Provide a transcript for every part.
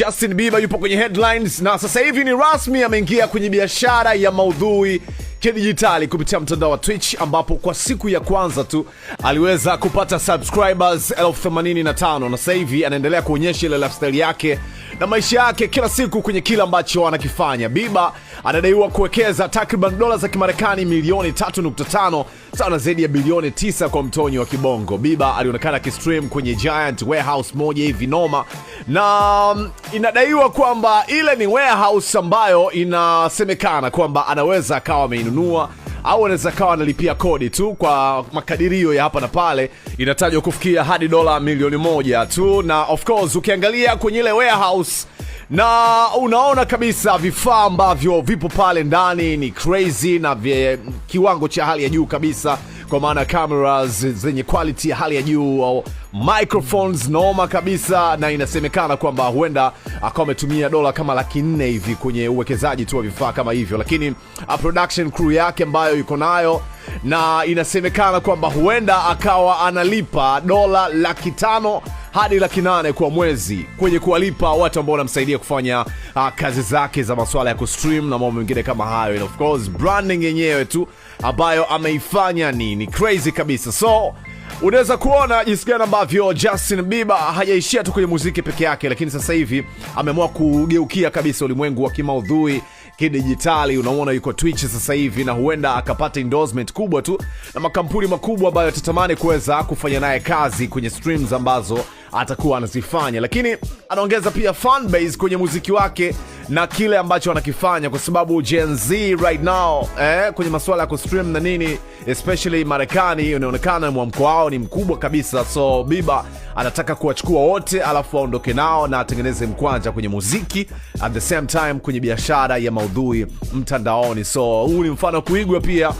Justin Bieber yupo kwenye headlines na sasa hivi ni rasmi ameingia kwenye biashara ya maudhui kidijitali kupitia mtandao wa Twitch ambapo kwa siku ya kwanza tu aliweza kupata subscribers elfu themanini na tano na sasa hivi anaendelea kuonyesha ile lifestyle yake na maisha yake kila siku kwenye kile ambacho anakifanya. biba anadaiwa kuwekeza takriban dola za Kimarekani milioni 3.5 sawa na zaidi ya bilioni 9 kwa mtonyi wa kibongo. biba alionekana akistream kwenye giant warehouse moja hivi noma, na mm, inadaiwa kwamba ile ni warehouse ambayo inasemekana kwamba anaweza akawa ameinunua au anaweza kawa analipia kodi tu. Kwa makadirio ya hapa na pale, inatajwa kufikia hadi dola milioni moja tu, na of course ukiangalia kwenye ile warehouse na unaona kabisa vifaa ambavyo vipo pale ndani ni crazy na vye kiwango cha hali ya juu kabisa kwa maana cameras zenye quality ya hali ya juu, microphones noma kabisa, na inasemekana kwamba huenda akawa ametumia dola kama laki nne hivi kwenye uwekezaji tu wa vifaa kama hivyo, lakini a production crew yake ambayo iko nayo na inasemekana kwamba huenda akawa analipa dola laki tano hadi laki nane kwa mwezi kwenye kuwalipa watu ambao wanamsaidia kufanya uh, kazi zake za masuala ya kustream na mambo mengine kama hayo, and of course branding yenyewe tu ambayo ameifanya ni, ni crazy kabisa so unaweza kuona jinsi gani ambavyo Justin Bieber hajaishia tu kwenye muziki peke yake, lakini sasa hivi ameamua kugeukia kabisa ulimwengu wa kimaudhui kidijitali. Unaona, yuko Twitch sasa hivi, na huenda akapata endorsement kubwa tu na makampuni makubwa ambayo atatamani kuweza kufanya naye kazi kwenye streams ambazo atakuwa anazifanya, lakini anaongeza pia fanbase kwenye muziki wake na kile ambacho anakifanya, kwa sababu Gen Z right now eh, kwenye masuala ya kustream na nini, especially Marekani, inaonekana mwamko wao ni mkubwa kabisa. So Biba anataka kuwachukua wote, alafu aondoke nao na atengeneze mkwanja kwenye muziki, at the same time kwenye biashara ya maudhui mtandaoni. So huu ni mfano kuigwa pia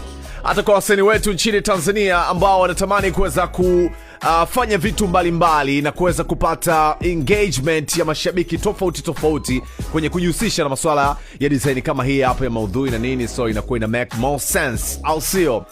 hata kwa wasanii wetu nchini Tanzania ambao wanatamani kuweza ku uh, fanya vitu mbalimbali mbali, na kuweza kupata engagement ya mashabiki tofauti tofauti kwenye kujihusisha na masuala ya design kama hii hapa ya maudhui na nini, so inakuwa ina make more sense, au sio?